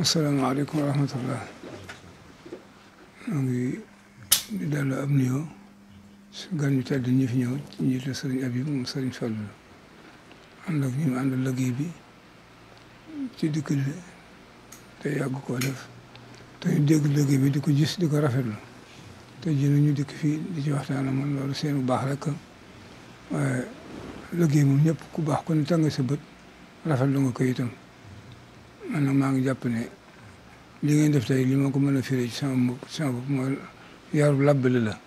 asalaamaaleykum wa rahmatullah maa ngi di dellu ab nuyoo su gan ñu tedd ñu fi ñëw ci njiital sëriñ Abib moom sëriñ Fallu ànd ak ñu mu ànd liggéey bi ci dikk bi te yàgg koo def te ñu bi di ko gis di ko rafetlu te jënu ñu dikk fii di ci waxtaan man loolu seen bu baax rek waaye liggéey moom ñëpp ku baax ku ne si sa rafet rafetlu nga ko itam man maa ngi jàpp ne li ngeen def tey li ma mën a firi ci sama mbokk sama bopp mooy yaru labbali la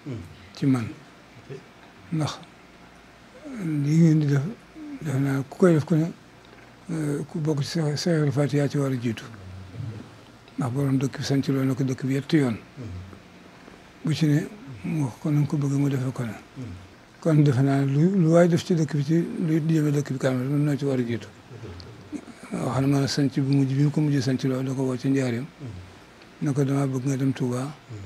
ci man ndax li ngeen di def def naa ku koy def ku ne euh, ku bokk ci Seexul Faatiha ci war jiitu ndax borom dëkk bi sanc loo na ko dëkk bi yetti yoon bu ci ne mu wax ko ko bëgg mu defe ko ne kon defe naa lu lu waay def ci dëkk ci lu jëme dëkk bi kanam mën ci war a jiitu wax na ma ne bu mujj bi mu ko mujj sanc loolu da ko woo ci njaareem mm-hmm. na ko dama bëgg nga dem Touba mm-hmm.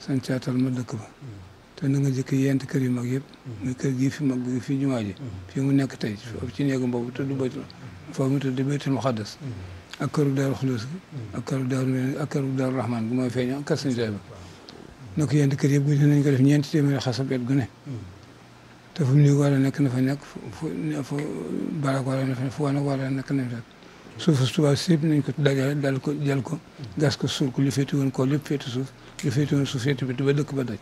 sancaatal ma dëkk mm-hmm. te na nga jëkk yent kër yu mag yëpp muy kër gii fi mag gi fii jumaa ji fii nekk tey ci néegam boobu tudd baytu foofu mu tudd baytul ak këru daaru xulus ak këru daaru ak këru daaru rahman gi mooy feeñoo ak kër sañ ba na ko yent kër yëpp nañ ko def ñeenti téeméeri xasab yet gu ne te fu mu nii na fa nekk fu fu barag a nekk fu a nekk na suufu tubaab si yëpp nañ ko dajale dal ko jël ko gas ko suul ko li féete woon ko lépp féete suuf li féete woon suuf féete ba dëkk ba daj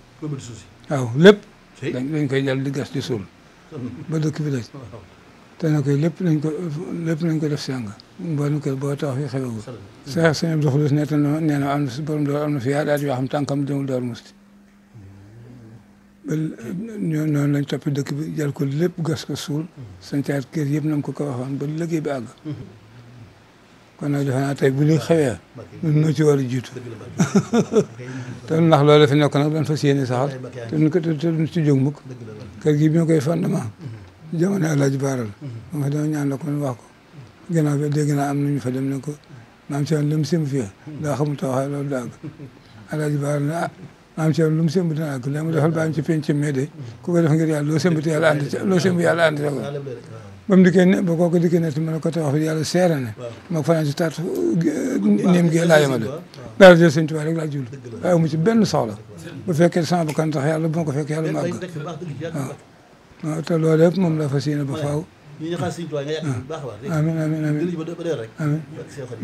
waaw lépp dañ koy jal di gas di suul ba dëkk bi daj te na koy lépp nañ ko lépp nañ ko def sànga mboolem kër boo tax fi xewegu sa sañe doxalus neta nee na am na borom door am na fi yaadaat yoo xam tànkam demul door musti ba noonu lañ topp dëkk bi jël ko lépp gas ko suul mm-hmm. sancaat kër yëpp nañ ko ko waxoon ba liggéey bi àgg mm-hmm. kon na defe naa tey bu li xewee ñun ñoo ci war a jiitu te ndax loolu fi nekk nag dañ fas yéene saxal te duñ ko te duñ ci jóg mukk kër gi bi ñu koy fondement jamono Alaaji Baara la moom fa dama ñaan la ko ñu wax ko ginnaaw bi am nañu fa dem ne ko maam si wàllu lim sim fii daa xamul taxawaay loolu daag Alaaji Baara ne ah maam Cheikh lu mu sëmb dina àgg la mu defal baam ci penc mi de ku ko def ngir yàlla loo sëmb te yàlla ànd loo sëmb yàlla ànd la ko ba mu dikkee ne ba kooku dikkee ne ma ne ko tawax bi yàlla seere ne ma fanaan si taat néem gee laa yemale daal jël sëñ Tuubaa rek laa jublu waaye mu ci benn soxla bu fekkee sama bakkan tax yàlla bu ma ko fekkee yàlla màgg waaw te loolu yëpp moom la fas yéene ba faaw amiin amiin amiin amiin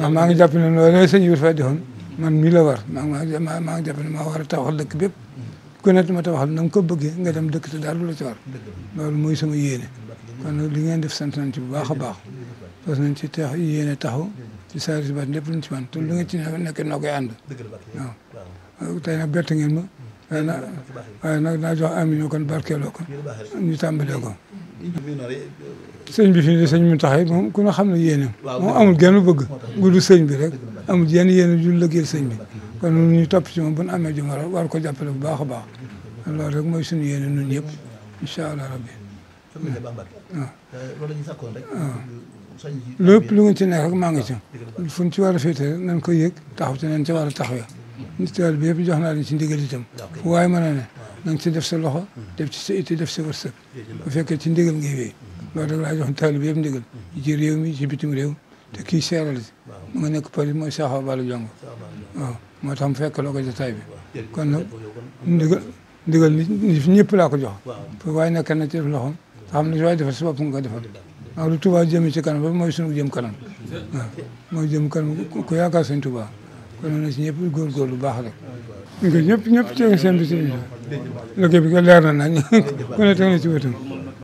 ndax maa ngi jàpp ne loolu sëñ bi fa defoon man mii la war maa ngi maa maa ngi war a tabaxal dëkk bépp ku nekk ma tabaxal na nga ko bëggee nga dem dëkk te daal lu la ci war loolu mooy sama yéene kon li ngeen def sant nañ ci bu baax a baax parce que nañ ci tax yéene taxaw ci saa yu si baax lépp luñ ci man te lu nga ci nekk noo koy ànd waaw tey nag bett ngeen ma waaye na waaye nag naa amino kon barkeeloo ko ñu tàmbalee ko sëñ bi fii nii sëñ mu taxay moom ku ne xam ne yéene moom amul genn bëgg gudu sëñ bi rek amul yenn yéen ju liggéeyal sëñ bi kon ñun ñu topp ci moom bu ñu amee jum war ko jàppale bu baax a baax loolu rek mooy suñu yéene ñun ñëpp incha allah rabbi. waaw lépp lu ngeen ci nekk rek maa ngi ci fu ci war a féete rek nañ ko yëg taxaw ci nan ci war a taxawee. nit yëpp jox naa leen ci ndigal itam fu waaye mën a na nga ci def sa loxo def ci sa itti def sa wërsëg fekkee ci ndigal ngay wéy loolu rek laa jox bi yëpp ndigal ci réew mi ci bitim réew te kii seeral si mu nga nekk Paris mooy Saxaw Balla Jongo waaw moo tax mu fekk ko jotaay bi kon nag ndigal ndigal ni ñëpp laa ko jox waaye nag kenn ci def loxoom te xam ne si waaye defal sa bopp nga ko defal waaw lu Touba jëmee ci kanam mooy sunu jëm kanam waaw mooy jëm kanam ku yaakaar sëñ Touba kon nag si ñëpp góorgóorlu bu baax rek nga ñëpp ñëpp teew seen bi si liggéey bi leer na nañ ku ne teg na ci